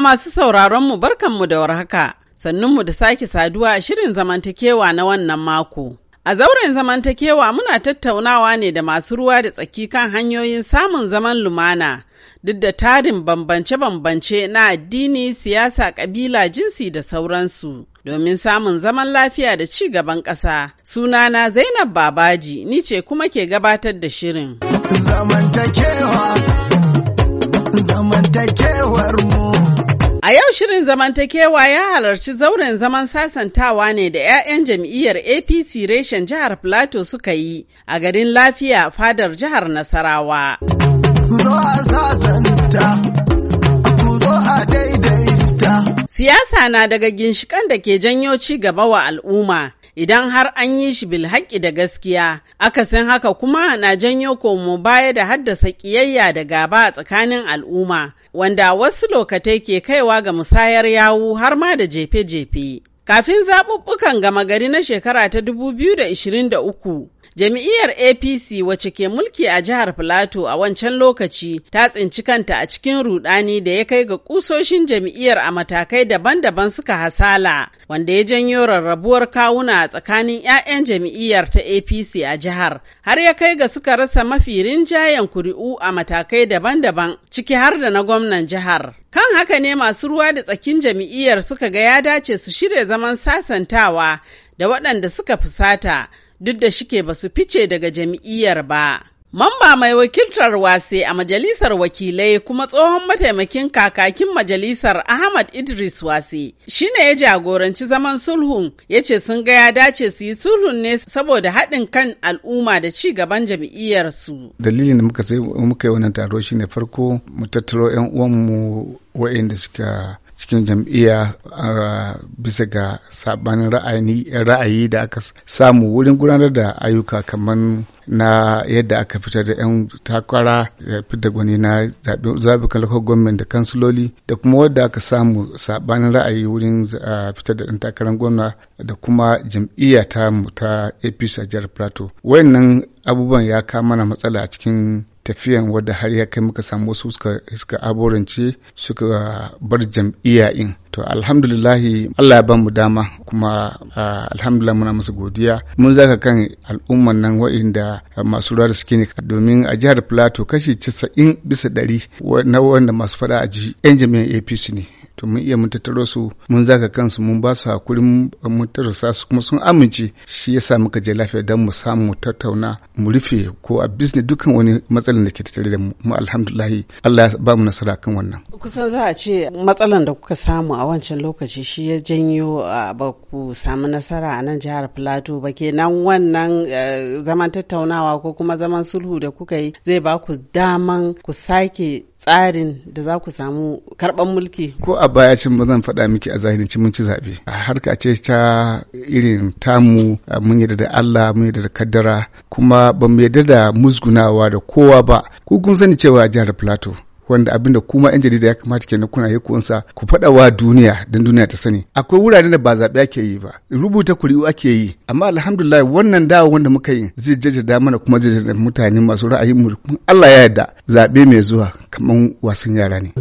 Jama'a masu sauraronmu barkanmu da warhaka, sannunmu da sake saduwa a shirin zamantakewa na wannan mako. A zauren zamantakewa muna tattaunawa ne da masu ruwa da tsaki kan hanyoyin samun zaman lumana duk da tarin bambance-bambance na addini, siyasa, kabila, jinsi da sauransu domin samun zaman lafiya da ci gaban ƙasa. na Zainab Babaji, ni ce kuma ke gabatar da shirin. A yau shirin zamantakewa ya halarci zauren zaman sasantawa ne da 'ya'yan jam'iyyar APC reshen jihar Plateau suka yi a garin lafiya fadar jihar Nasarawa. Siyasa na daga ginshikan da ke janyo ci gaba wa al'umma. idan har an yi shi haƙƙi da gaskiya akasin haka kuma na janyo komo baya da haddasa ƙiyayya da gaba a tsakanin al'umma wanda wasu lokatai ke kaiwa ga musayar yawu har ma da jefe-jefe kafin zaɓuɓɓukan gama gari na shekara ta 2023 Jami'iyar APC wacce ke mulki a jihar plateau a wancan lokaci ta tsinci kanta a cikin rudani da ya kai ga kusoshin jami'iyar a matakai daban-daban suka hasala wanda ya janyo rarrabuwar kawuna a tsakanin 'ya'yan jami'iyar ta APC a jihar har ya kai ga suka rasa mafi rinjayen kuri'u a matakai daban-daban ciki har da na gwamnan jihar. Kan haka ne masu ruwa da tsakin jami'iyar suka ga ya dace su shirya zaman sasantawa da waɗanda suka fusata. duk da shike ba su fice daga jam'iyyar ba. Mamba mai wakiltar wase a majalisar wakilai kuma tsohon mataimakin kakakin majalisar Ahmad Idris wase shi ne ya jagoranci zaman sulhun ya ce sun ga ya dace su yi sulhun ne saboda haɗin kan al'umma da ci gaban jam'iyyarsu. Dalilin da muka sai muka yi wannan taro shi ne farko mu tattaro 'yan uwanmu waɗanda suka cikin jam'iyya bisa ga sabanin ra'ayi da aka samu wurin gudanar da ayyuka kamar na yadda aka fitar da 'yan takwara da fitar gwani na zaɓukan lokacin gwamnati da kansiloli da kuma wadda aka samu sabanin ra'ayi wurin fitar da 'yan takarar gwamna da kuma jam'iyya ta mu ta apc a jihar plateau wayannan abubuwan ya kama na matsala a cikin tafiyan wadda har ya kai muka samu wasu suka aborance suka bar jam'iyya in to alhamdulillahi Allah ya bamu dama kuma alhamdulillah muna musu godiya mun zaka kan al'umman nan wa'inda masu ruwa da suke ne domin a jihar Plateau kashi 90 bisa 100 na wanda masu fada a ji 'yan jami'an APC ne to mun iya mun su mun zaka kansu mun ba su hakuri mun tarasa su kuma sun amince shi yasa muka je lafiya don mu samu mu tattauna mu rufe ko a business dukkan wani matsalan da ke tattare da mu mu alhamdulahi Allah ya ba mu nasara kan wannan kusan za a ce matsalan da kuka samu a wancan lokaci shi ya janyo ba ku samu nasara a nan jihar Plateau ba kenan wannan eh, zaman tattaunawa ko kuma zaman sulhu da kuka yi zai ba ku daman ku sake tsarin da za ku samu karban mulki ko a baya cin ba zan faɗa miki a zahirin cin mun ci zaɓe a harka ce ta irin tamu mun yadda da Allah mun yadda da kaddara kuma ba mu yarda da musgunawa da kowa ba ku kun sani cewa jihar Plateau wanda abinda kuma yan jarida ya kamata kenan kuna yi kunsa ku faɗa wa duniya don duniya ta sani akwai wurare da ba zaɓe ake yi ba rubuta kuri'u ake yi amma alhamdulillah wannan dawo wanda muka yi zai jajjada mana kuma zai jajjada mutane masu ra'ayin mu Allah ya yarda zaɓe mai zuwa kamar wasan yara ne.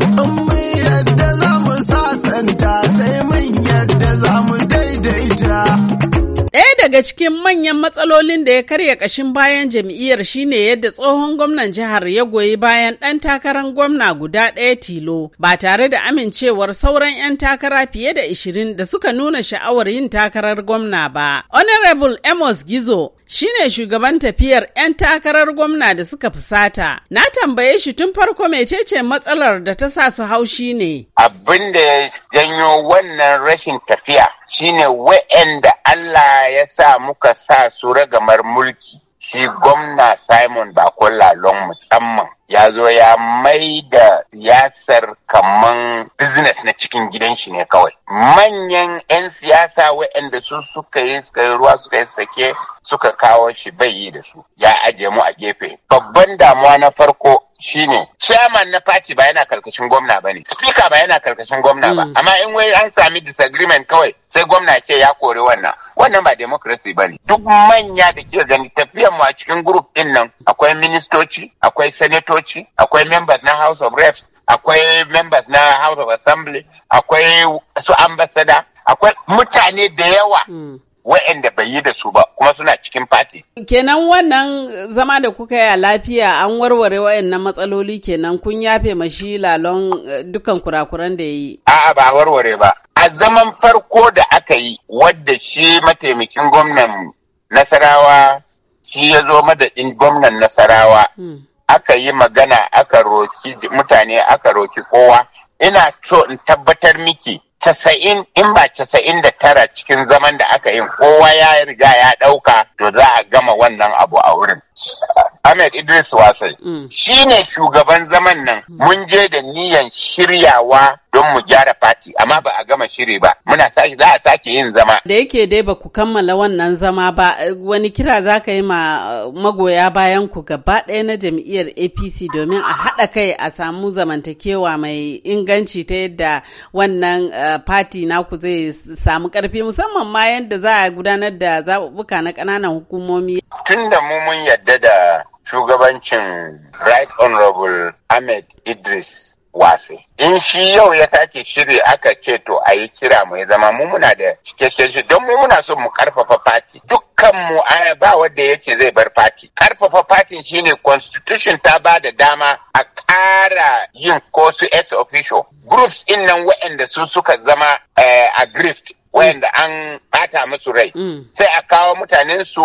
Ɗaya daga cikin manyan matsalolin da ya karya ƙashin bayan jam'iyyar shine yadda tsohon gwamnan jihar ya goyi bayan ɗan takarar gwamna guda ɗaya tilo ba tare da amincewar sauran 'yan takara fiye da 20 da suka nuna sha'awar yin takarar gwamna ba. Honorable Amos Gizo shine shugaban tafiyar 'yan takarar gwamna da suka fusata. Na tambaye shi tun farko mecece matsalar da ta sa su haushi ne. Abin da ya janyo wannan rashin tafiya shine wa'anda Allah ya sa muka sa su ragamar mulki shi gwamna Simon Bakola Long musamman ya zo ya mai da siyasar kaman business na cikin gidan shi ne kawai. Manyan 'yan siyasa wa'anda su suka yi suka yi ruwa suka yi sake suka kawo shi bai yi da su ya aje mu a gefe. Babban damuwa na farko shine chairman na party ba yana karkashin gwamna ba ne speaker ba yana karkashin gwamna ba mm. amma in wai an sami disagreement kawai sai gwamna ce ya kori wannan wannan ba democracy ba ne duk manya da kika gani biyan mu a cikin group din nan akwai ministoci, akwai senatoci, akwai members na House of Reps, akwai members na House of Assembly, akwai su ambassador, akwai mutane da yawa. Mm. bai yi da su ba kuma suna cikin fati. Kenan wannan zama da kuka yi a lafiya an warware na matsaloli kenan kun yafe mashi lalon eh, dukkan kurakuran da ya yi. A'a ba warware ba. A zaman farko da aka yi wadda shi mataimakin gwamnan Nasarawa shi ya zo madadin gwamnan nasarawa hmm. aka yi magana aka roki mutane aka roki kowa ina so in tabbatar miki casa'in in ba casa'in da tara cikin zaman da aka yi kowa ya riga ya ɗauka to za a gama wannan abu a wurin Ahmed Idris Wasai hmm. shi ne shugaban zaman nan hmm. mun je da niyan shiryawa don mu gyara fati amma ba a gama shiri ba muna sake za a sake yin zama da yake dai ba ku kammala wannan zama ba wani kira za ka yi ma magoya bayan ku gaba ɗaya na jam'iyyar apc domin a haɗa kai a samu zamantakewa mai inganci ta yadda wannan eh, fati na ku zai samu ƙarfi musamman ma yadda za a gudanar da zaɓuɓɓuka na ƙananan hukumomi tun da mu mun yadda da shugabancin right honorable ahmed idris wasi. In shi yau ya sake shiri aka ce to a yi kira mu ya zama mu muna da cikakken shi don mu muna so mu karfafa fati. mu ba wanda ya ce zai bar fati. Karfafa fatin shine constitution ta ba da dama a kara yin ko su ex official. Groups in nan waɗanda su suka zama eh, a grift wayanda an bata musu rai. Mm. Sai a kawo mutanen su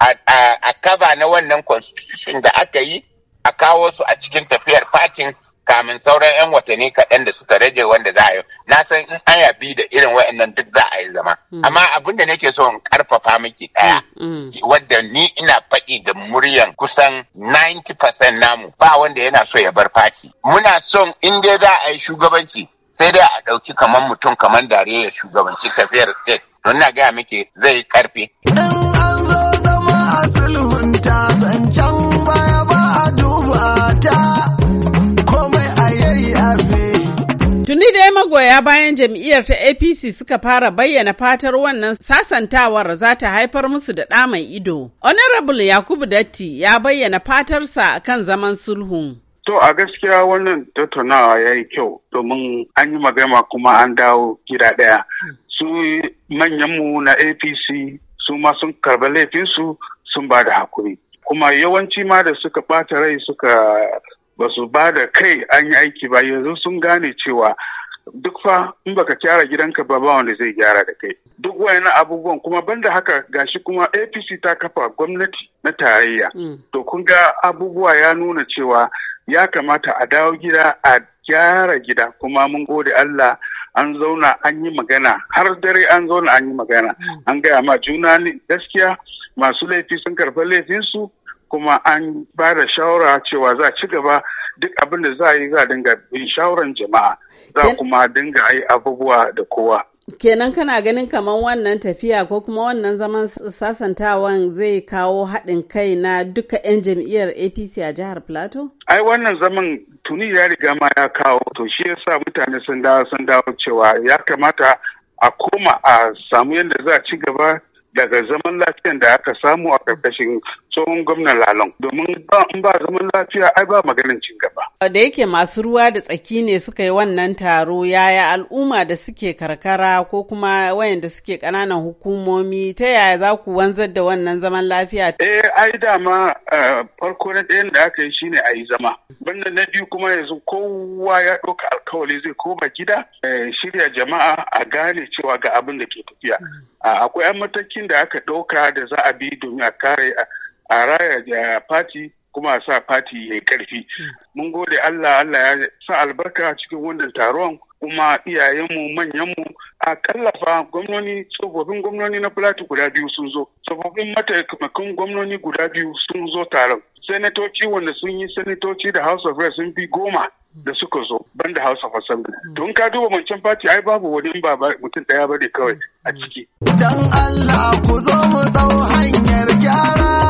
a kaba na wannan constitution da aka yi a kawo su a cikin tafiyar fatin kamin sauran 'yan watanni kaɗan da suka rage wanda za a yi na san in aya bi da irin waɗannan duk za a yi zama hmm. amma abin da nake so in karfafa miki ɗaya hmm, hmm. wadda ni ina faɗi da muryan kusan 90% namu ba wanda yana so ya bar fati muna son in dai za a yi shugabanci sai dai a ɗauki kamar mutum kamar dare ya shugabanci tafiyar state don na gaya miki zai karfe. In an zo zama a zancen Tuni da magoya bayan jam'iyyar ta APC suka fara bayyana fatar wannan sasantawar za ta haifar musu da ɗa mai ido. Honorable Yakubu Datti ya bayyana fatarsa kan zaman sulhun. To a gaskiya wannan tattaunawa ya yi kyau domin an yi magana kuma an dawo gida ɗaya. Su manyanmu na APC su ma sun karɓi laifinsu sun ba da hakuri. Kuma yawanci ma da suka ɓata rai suka ba su ba da kai an yi aiki ba yanzu sun gane cewa duk fa in baka gyara gidanka ba ba wanda zai gyara da kai duk wayannan abubuwan kuma banda haka gashi kuma apc ta kafa gwamnati na tarayya mm. to kun ga abubuwa ya nuna cewa ya kamata a dawo gida a gyara gida kuma mun gode allah an zauna an yi magana har dare an zauna an yi magana mm. an gaya ma juna ne gaskiya masu laifi sun karfa laifinsu kuma an ba da shawara cewa za ci gaba duk abin da za a yi za a dinga bin shawaran jama'a za kuma dinga yi abubuwa da kowa. Kenan kana ganin kamar wannan tafiya ko kuma wannan zaman sasantawan zai kawo haɗin kai na duka 'yan jam'iyyar APC a jihar Plateau? Ai wannan zaman tuni ya riga ma ya kawo to shi yasa mutane sun dawo sun dawo cewa ya kamata a koma a samu yadda za a ci gaba daga zaman lafiyan da aka samu a karkashin tsohon gwamnan lalon domin ba in ba zaman lafiya ai ba maganin cin gaba. Da yake masu ruwa da tsaki ne suka yi wannan taro yaya al'umma da suke karkara ko kuma wayanda suke kananan hukumomi ta yaya za ku wanzar da wannan zaman lafiya? Eh ai dama eh, farko na ɗayan da aka yi shine a yi zama. Wannan na biyu kuma yanzu kowa ya ɗauka alkawali zai koma gida eh, shirya jama'a a gane cewa ga abin da ke tafiya. Mm. Akwai 'yan matakin da aka ɗauka da za a bi domin a kare a raya da fati kuma a sa fati ya yi ƙarfi. Mun gode Allah Allah ya sa albarka cikin wannan taron kuma iyayenmu manyanmu a kallafa gwamnoni tsofaffin gwamnoni na Plateau guda biyu sun zo tsofaffin mataimakan gwamnoni guda biyu sun zo taron senatoci wanda sun yi senatoci da house of reps sun fi goma da suka zo ban da house of assembly hmm. don ka duba wancan fati ai babu wani ba mutum daya bane kawai a hmm. ciki dan Allah ku zo mu dau hanyar gyara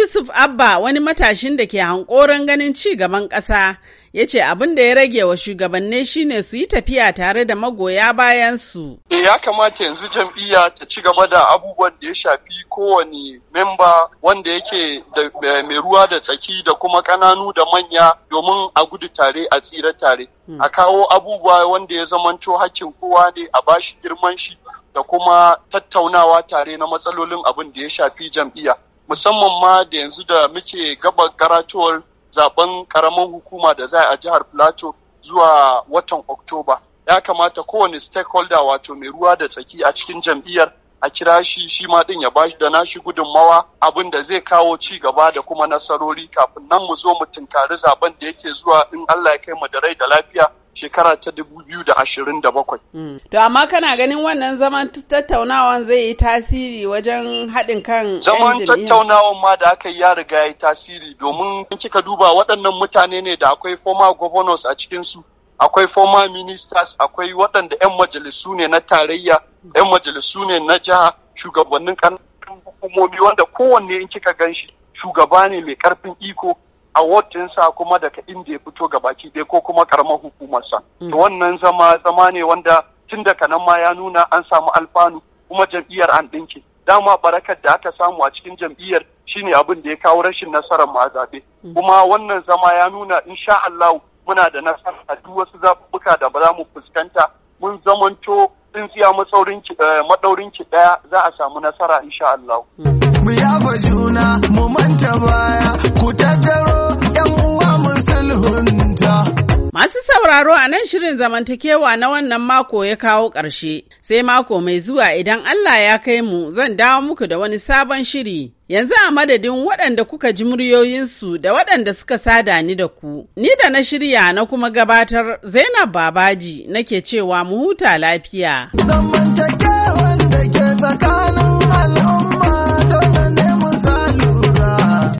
Yusuf Abba wani matashin da ke hankoron ganin ci gaban ƙasa ya ce abin da ya rage wa shugabanni shine su yi tafiya tare da magoya bayan su. Eh, ya kamata yanzu jam'iyya ta ci gaba da abubuwan da ya shafi kowane memba wanda yake da eh, mai ruwa da tsaki da kuma kananu da manya domin a gudu tare a tsira tare. Hmm. A kawo abubuwa wanda ya zamanto hakkin kowa ne a bashi girman shi da kuma tattaunawa tare na matsalolin abin da ya shafi jam'iyya. musamman ma da yanzu da muke gaba karatuwar zaben karamin hukuma da za a jihar plateau zuwa watan oktoba ya kamata kowane stakeholder wato mai ruwa da tsaki a cikin jam'iyyar a kira shi shi ma din ya bashi da nashi gudunmawa abin da zai kawo ci gaba da kuma nasarori kafin nan mu zo mu tunkari zaben da yake zuwa in Allah ya kai mu da rai da lafiya shekara ta dubu biyu da da ashirin bakwai. Mm. To amma kana ganin wannan zaman tattaunawan zai yi tasiri wajen haɗin kan Zaman tattaunawan ma da aka yi ya riga ya yi tasiri domin kika duba waɗannan mutane ne da akwai former governors a cikinsu. Akwai former ministers, akwai waɗanda 'yan majalisu ne na tarayya, 'yan majalisu ne na jiha, shugabannin ƙananan hukumomi wanda kowanne in kika ganshi shugaba ne mai ƙarfin iko, A ɗinsa kuma daga inda ya fito ga baki ɗaya ko kuma karamar hukumarsa. Da mm. wannan zama zama ne wanda tun daga nan ma ya nuna an samu alfanu kuma jam'iyyar an ɗinke. Dama barakar da aka samu a cikin jam'iyyar shine abin da ya kawo rashin nasarar ma zaɓe. Mm. Kuma wannan zama ya nuna insha Allah muna da nasara a duk wasu zaɓuɓɓuka da ba za mu fuskanta mun zamanto tsintsiya eh, ki ɗaya za a samu nasara insha Allah. Mm. mu juna mu manta baya ku tattaro yan uwa mu sulhunta Masu sauraro a nan shirin zamantakewa na wannan mako ya kawo ƙarshe, sai mako mai zuwa idan Allah ya kai mu zan dawo muku da wani sabon shiri. Yanzu a madadin waɗanda kuka ji muryoyinsu da waɗanda suka sada ni da ku, ni da na shirya na kuma gabatar Zainab Babaji nake cewa mu huta lafiya.